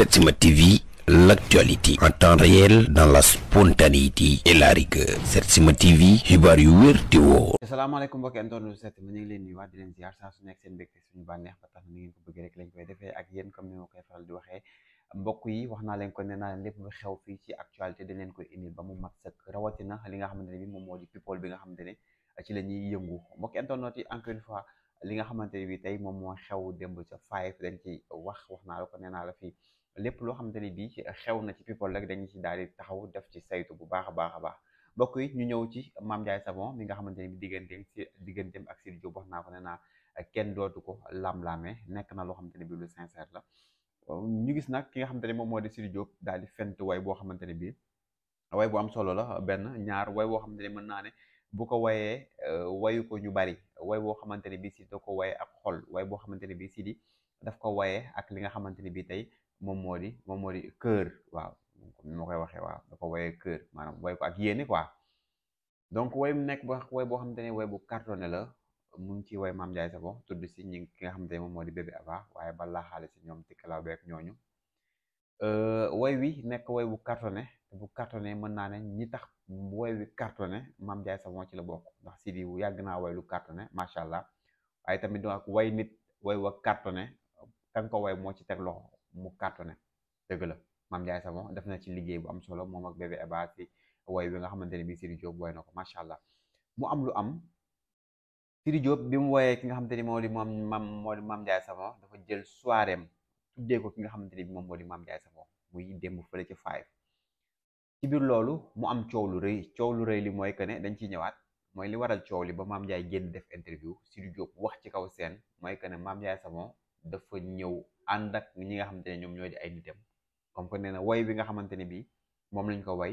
Setsima TV l'actualité en temps réel dans la spontanéité et la rigueur Setsima TV xibaar yu wér te woo asalaamaaleykum mbokki andoonu Setsima ñu leen nuyuwaat di leen ziar saa su nekk seen mbégte suñu bànneex ba koy defee ak yéen comme ni ma koy faral di waxee mbokk yi wax naa leen ko nee naa leen lépp xew fii ci actualité leen koy indi ba mu mat sëkk rawatina li nga xamante ne bi moom moo di people bi nga xamante ne ci la ñuy yëngu mbokki internet yi encore fois li nga xamante ne bi tey moom moo xew démb ca five dañ ci wax wax naa la ko nee naa la fii lépp loo xamante ne bii xew na ci people rek dañu ci daal di taxaw def ci saytu bu baax a baax a baax bokk yi ñu ñëw ci Mame Ndiaye Savon mi nga xamante ne bi digganteem si digganteem ak Sidy Diop wax naa ko ne naa eh, kenn dootu ko lam-laame nekk na loo xamante ne bi lu sincère la ñu gis nag ki nga xamante ne moom moo di Sidy Diop daal di fent way boo xamante ne bii way bu am solo la benn ñaar way boo xamante ne mën naa ne bu ko wayee eh, wayu ko ñu bari way boo xamante ne bii Sidy ko waye ak xol way boo xamante ne bii Sidy daf ko waye ak li nga xamante ne bii tey moom moo di moom moo di cœur waaw comme ni koy waxee waaw dafa ko woyee cœur maanaam woy ko ak yéene quoi donc woy mu nekk ba woy boo xamante ne woy bu cartonné la mu ngi ci woy Mame Ndiaye Savon si ki nga xamante ne moom moo di Bébé Ava waaye ba si ñoom tikkalaaw beeg ñooñu euh, woy wi nekk woy bu cartonné te bu cartonné mën naa ne ñi tax woy wi cartonné Mame Ndiaye ci la bokk ndax Sidi yàgg naa woy lu cartonné macha allah waaye tamit donc way nit woy wa cartonné kan ko woy moo ci teg loxo mu cartonné dëgg la Mame Ndiaye Savon def na ci liggéey bu am solo moom ak bébé Eba si woy bi nga xamante ne bii Sidi Diop woy na ko macha allah mu am lu am Sidi Diop bi mu woyee ki nga xamante ni moo di moom mam moo di Mame Ndiaye Savon dafa jël soiréem tuddee ko ki nga xamante ni bi moom moo di Mame Ndiaye Savon muy démb fële ca five ci biir loolu mu am coow lu rëy coow lu rëy li mooy que ne dañ ciy ñëwaat mooy li waral coow li ba Mame Ndiaye génn def interview Sidi Diop wax ci kaw seen mooy que ne Mame Ndiaye dafa ñëw ànd ak ñi nga xamante ne ñoom ñoo di ay nitam comme que nee na way bi nga xamante ne bii moom lañ ko way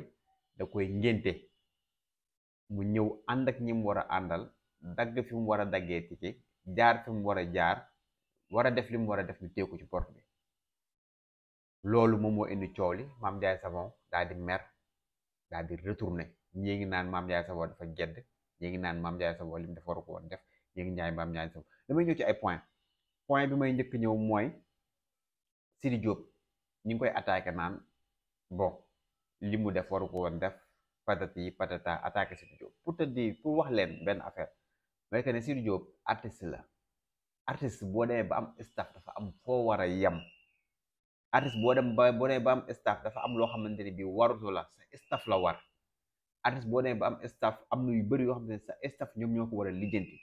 da koy ngénte mu ñëw ànd ak ñi war a àndal dagg fi mu war a daggee tike jaar fi mu war a jaar war a def li mu war a def ñu teeku ci porte bi loolu moom moo indi coow li maam Ndiaye Savon daal di mer daal ngi naan maam Ndiaye Savon dafa gedd ñii ngi naan maam Ndiaye Savon li mu def waru ko woon def ñii ngi ñaay maam Ndiaye Savon damay ñëw ci ay point point bi may njëkk ñëw mooy Sidi Diop ñu ngi koy attaque naan bon li mu def waru ko woon def patati patata attaqué Sidi Diop pour te dire pour wax leen benn affaire mooy que ne Sidi Diop artiste la artiste boo demee ba am staff dafa am foo war a yem artiste boo dem ba boo demee ba dafa am loo xamante ne bii warutu la sa staff la war artiste boo demee ba am staff am na yu bëri yoo xam ne sa staff ñoom ñoo ko war a lijjanti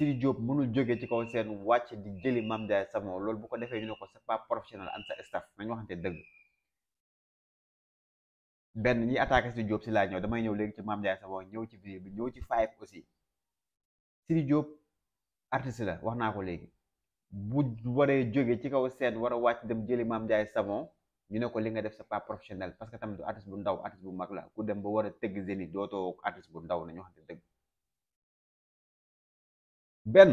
Sidi Diop mënul jóge ci kaw seen wàcc di jëli Mame Ndiaye Savon loolu bu ko defee ñu ne ko sa pas professionnel and sa staff nañu waxante dëgg benn ñi attaqué Sidi Diop si laa ñëw damay ñëw léegi ci Mame Ndiaye Savon ñëw ci biir bi ñëw ci Five aussi Sidi Diop la wax naa ko léegi bu waree jógee ci kaw seen war a wàcc dem jëli Mame Ndiaye Savon ñu ne ko li nga def sa pas professionnel parce que tamit du artiste bu ndaw artiste bu mag la ku dem ba war a tëgg zénith dootoo artiste bu ndaw nañu waxante dëgg benn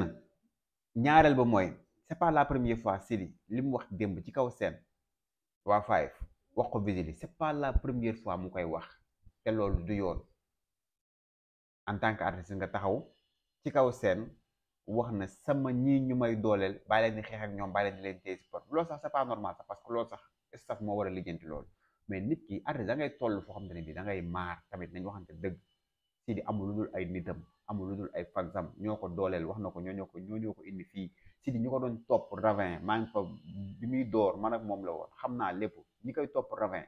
ñaareel ba mooy c'est pas première fois Sidi li mu wax démb ci kaw seen waa Five wax ko Wizkid c'est pas la première fois mu koy wax te loolu du yoon en tant que artiste nga taxaw ci kaw seen wax na sama ñii ñu may dooleel bàyyi leen di xeex ñoom bàyyi leen di leen téye support loolu sax c'est pas normal sax parce que lool sax staff moo war a loolu mais nit ki artiste da ngay foo xam ne bi da ngay maar tamit nañ waxante dëgg di amul lu ay nitam amul lu dul ay fagsam ñoo ko dooleel wax na ko ñoo ñoo ko ñoo ñoo ko indi fii Sidi ñu ko doon topp ravin maa ngi fa bi muy door man ak moom la woon xam naa lépp ñi koy topp ravin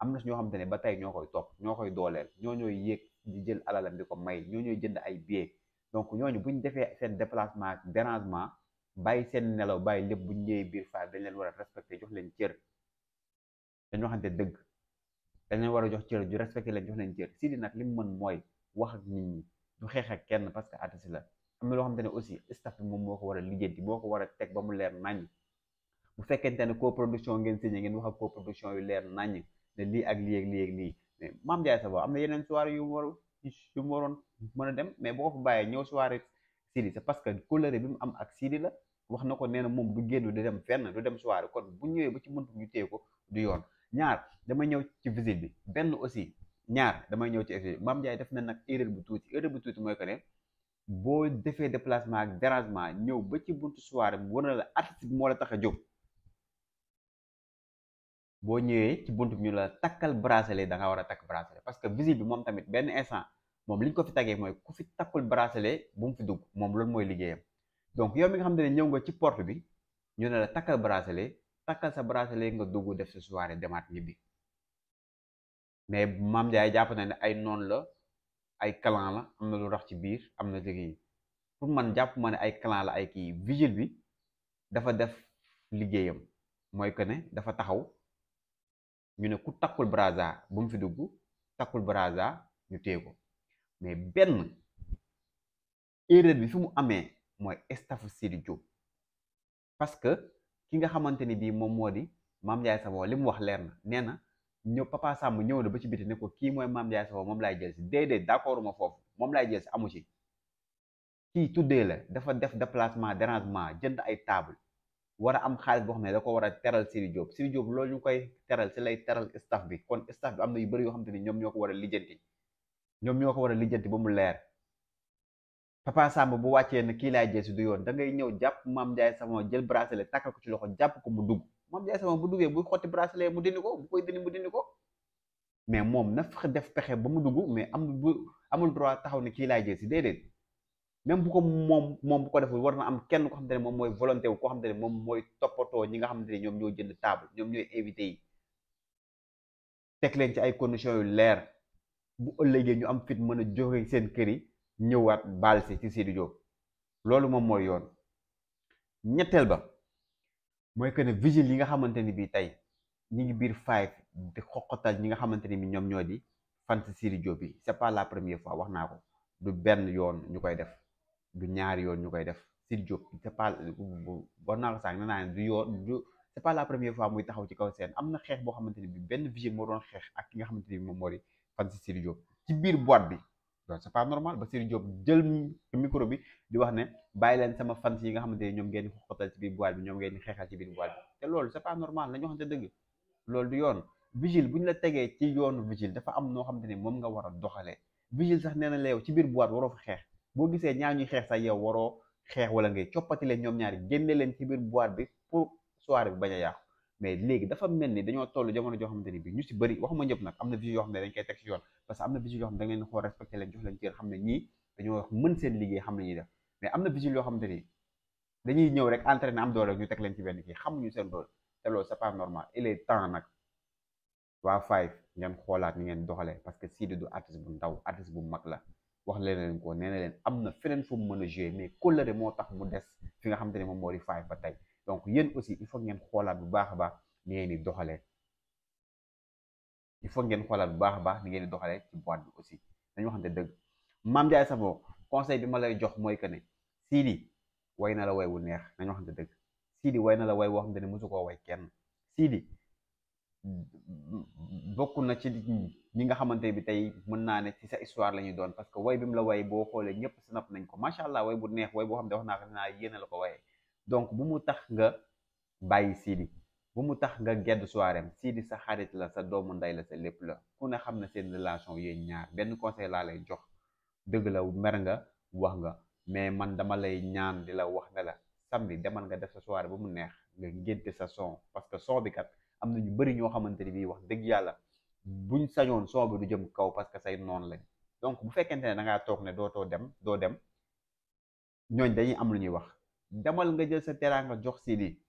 am na ñoo xamante ne ba tey ñoo koy topp ñoo koy dooleel ñoo ñooy yéeg di jël alalam di ko may ñoo ñooy jënd ay billets donc ñooñu bu ñu defee seen déplacement ak bàyyi seen nelaw bàyyi lépp bu ñu ñëwee biir faay dañ leen war a respecté jox leen cër dañu waxante dëgg dañ leen war a jox cër ju respecté leen jox leen cër Sidi nag li mu mën mooy wax ak du xeex ak kenn parce que artiste la am na loo xamante ne aussi staff bi moom moo ko war a lijjanti moo ko war a teg ba mu leer naññ bu fekkente ne coproduction ngeen signé ngeen wax ak coproduction yu leer naññ ne lii ak lii ak lii ak lii mais Mame Ndiaye Savon am na yeneen soirée yu mu war mu waroon mën a dem mais boo ko fa bàyyee ñëw soirée Sidi c'est parce que colère bi mu am ak Sidi la wax na ko nee na moom du génn du dem fenn du dem soirée kon bu ñëwee ba ci mëntu ñu téye ko du yoon ñaar dama ñëw ci visite bi benn aussi ñaar damay ñëw ci exige Mame Ndiaye def na nag erreur bu tuuti erreur bu tuuti mooy que ne boo defee déplacement ak dérangement ñëw ba ci buntu soirée mu wane la artiste bi moo la tax a jóg boo ñëwee ci buntu ñu la takkal bracelet da nga war a takk bracelet parce que visite bi moom tamit benn instant moom li ko fi tagee mooy ku fi takkul bracelet bu mu fi dugg moom loolu mooy liggéeyam donc yow mi nga xam ne ñëw nga ci porte bi ñu ne la takkal bracelet takkal sa bracelet nga dugg def si soirée demaat ñibbi. mais maam Ndiaye jàpp na ne ay noon la ay clan la am na lu rax ci biir am na liggéey pour man jàpp ma ne ay clan la ay kii vigile bi dafa def liggéeyam mooy que ne dafa taxaw ñu ne ku takkul braza bu fi dugg takkul braza ñu téye ko mais benn erreur bi fi mu amee mooy staffu Sidi Diop parce que ki nga xamante ni bii moom moo di maam Mame Ndiaye Savon li mu wax leer na nee na ñëw papa Samb ñëw na ba ci biti ne ko kii mooy maam Ndiaye Savon moom laay jël si ma foofu moom laay jël si amu ci kii tuddee la dafa def déplacement dérangement jënd ay table war a am xaalis boo xam ne da ko war a teral Sidi Diop Sidi Diop loolu ñu koy teral si lay teral staff bi kon staff bi am na yu bari yoo xam te ni ñoom ñoo ko war a lijjanti ñoom ñoo ko war a lijjanti ba mu leer papa Samb bu wàccee ne kii laay jël si du yoon da ngay ñëw jàpp maam Ndiaye Savon jël bracelet takkal ko ci loxo jàpp ko mu dugg. moom Ndiaye Savon bu duggee buy xotti bracelet mu dindi ko bu koy dindi mu dindi ko mais moom na fexe def pexe ba mu dugg mais am bu amul droit taxaw ne kii laay jël si déedéet même bu ko moom moom bu ko deful war na am kenn ko xam te moom mooy volonté wu ko xam te moom mooy toppatoo ñi nga xam te ne ñoom ñoo jënd table ñoom ñooy invité yi teg leen ci ay conditions yu leer bu ëllëgee ñu am fit mën a jóge seen kër yi ñëwaat baal si ci Sidy Diop loolu moom mooy yoon ñetteel ba mooy que ne vigile yi nga xamante ni bii tey ñi ngi biir five di xoqotal ñi nga xamante ni bi ñoom ñoo di fans Siri Diop yi c'est pas la première fois wax naa ko du benn yoon ñu koy def du ñaari yoon ñu koy def Siri Diop c'est pas wax naa ko sànq nee naa ne du yoon du c'est la première fois muy taxaw ci kaw seen am na xeex boo xamante ni bi benn vigile moo doon xeex ak ki nga xamante ni moom moo di fans Siri ci biir boîte bi donc c'est pas normal Bassirou Diop jël micro bi di wax ne bàyyi leen sama fans yi nga xamante ne ñoom ngeen xoxatal ci biir boîte bi ñoom ngeen xeexal ci biir boîte bi te loolu c'est pas normal nañu waxante dëgg loolu du yoon vigile bu ñu la tegee ci yoonu vigile dafa am noo xam xamante ne moom nga war a doxalee vigile sax nee na la yow ci biir boîte waroo fa xeex boo gisee ñaar ñuy xeex sax yow waroo xeex wala ngay coppati leen ñoom ñaari génne leen ci biir boîte bi pour soirée bi bañ a yàqu mais léegi dafa mel ni dañoo teg ci yoon parce que am na bisul yoo xam ne da ngeen xool respecté leen jox leen cër xam ne ñii dañoo wax mën seen liggéey xam nañuy def mais am na bisul yoo xamante ni dañuy ñëw rek am doole ñu teg leen ci benn kii xamuñu seen doole te loolu c'est pas normal il est waa Five ngeen xoolaat ni ngeen doxalee parce que Sidy du artiste bu ndaw artiste bu mag la wax leen ko nee na leen am na feneen fu mu mën a jouer mais colère moo tax mu des fi nga xamante ne moom moo di Five ba tey donc yéen aussi il faut ngeen xoolaat bu baax a baax ni ngeen di doxalee il faut ngeen xoolaat bu baax a baax ni ngeen di doxalee ci boîte bi aussi dañu waxante dëgg Mame Ndiaye Savon conseil bi ma lay jox mooy que ne Sidi way na la way wu neex nañu waxante dëgg Sidi way na la way woo xam ne mosu koo way kenn Sidi bokk na ci ni nga xamante bi tey mën naa ne ci sa histoire la ñuy doon parce que way bi mu la way boo xoolee ñëpp snap nañ ko macha allah way bu neex way boo xam ne wax naa ko naa yéene la ko waye donc bu mu tax nga bàyyi Sidi bu mu tax nga gedd soiréem di sa xarit la sa doomu ndey la sa lépp la ku ne xam na seen relation yéen ñaar benn conseil laa lay jox dëgg la mer nga wax nga mais man dama lay ñaan di la wax ne la samedi demal nga def sa soirée ba mu neex nga ngénte sa son parce que son bi am na ñu bëri ñoo xamante ni bii wax dëgg yàlla buñ sañoon son du jëm kaw parce que say noonu lañ donc bu fekkente ne da toog ne doo too dem doo dem ñooñ dañuy am lu ñuy wax demal nga jël sa teraanga jox Sidy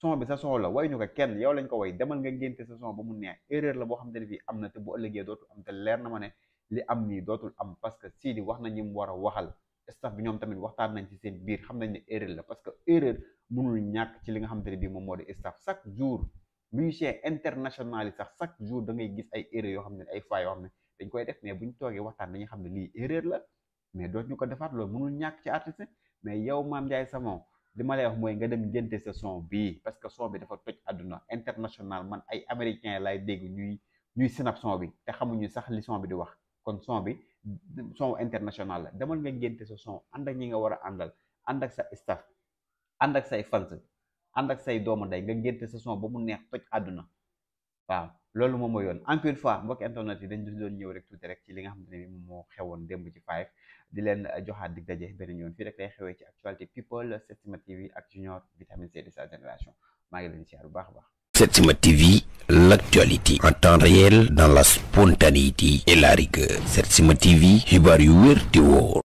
son bi sa son la way ñu ko kenn yow lañ ko way demal nga ngénte sa son ba mu neex erreur la boo xamante ne bii am na te bu leer na ma ne li am am parce que Sidi wax na ñi mu war a waxal staff bi ñoom tamit waxtaan nañ ci seen biir xam nañ ne la parce que erreur mënul ñàkk ci li nga xamante ne bii moom moo di staff chaque jour musicien international yi sax chaque jour da ngay gis ay erreur yoo xam ne ay failles yoo xam ne dañ koy def mais bu ñu toogee waxtaan dañuy xam ne lii erreur la mais dootuñu ko defaat loolu mënul ñàkk ci artiste mais yow Mame Ndiaye Savon li ma lay wax mooy nga dem ngénte sa son bi parce que son bi dafa toj àdduna international man ay américain lay dégg ñuy ñuy sinap son bi te xamuñu sax li son bi di wax kon son bi son international la demal nga ngénte sa son ànd ak ñi nga war a àndal ànd ak sa staff ànd ak say fans ànd ak say doomu ndey nga ngénte sa son ba mu neex toj àdduna waaw loolu moom mooy yoon encore une fois mbokk internet yi dañ doon ñëw rek tuuti rek ci li nga xamante ne moom moo xewoon démb ci five di leen euh, joxaat dig daje beneen yoon fii rek lay xewee ci actualité people Setsima TV ak Junior Vitamine C de sa génération maa ngi leen siyaar bu baax a baax Setsima TV, l'actualité en temps réel dans la spontanéité et la rigueur. TV, xibaar yu wér te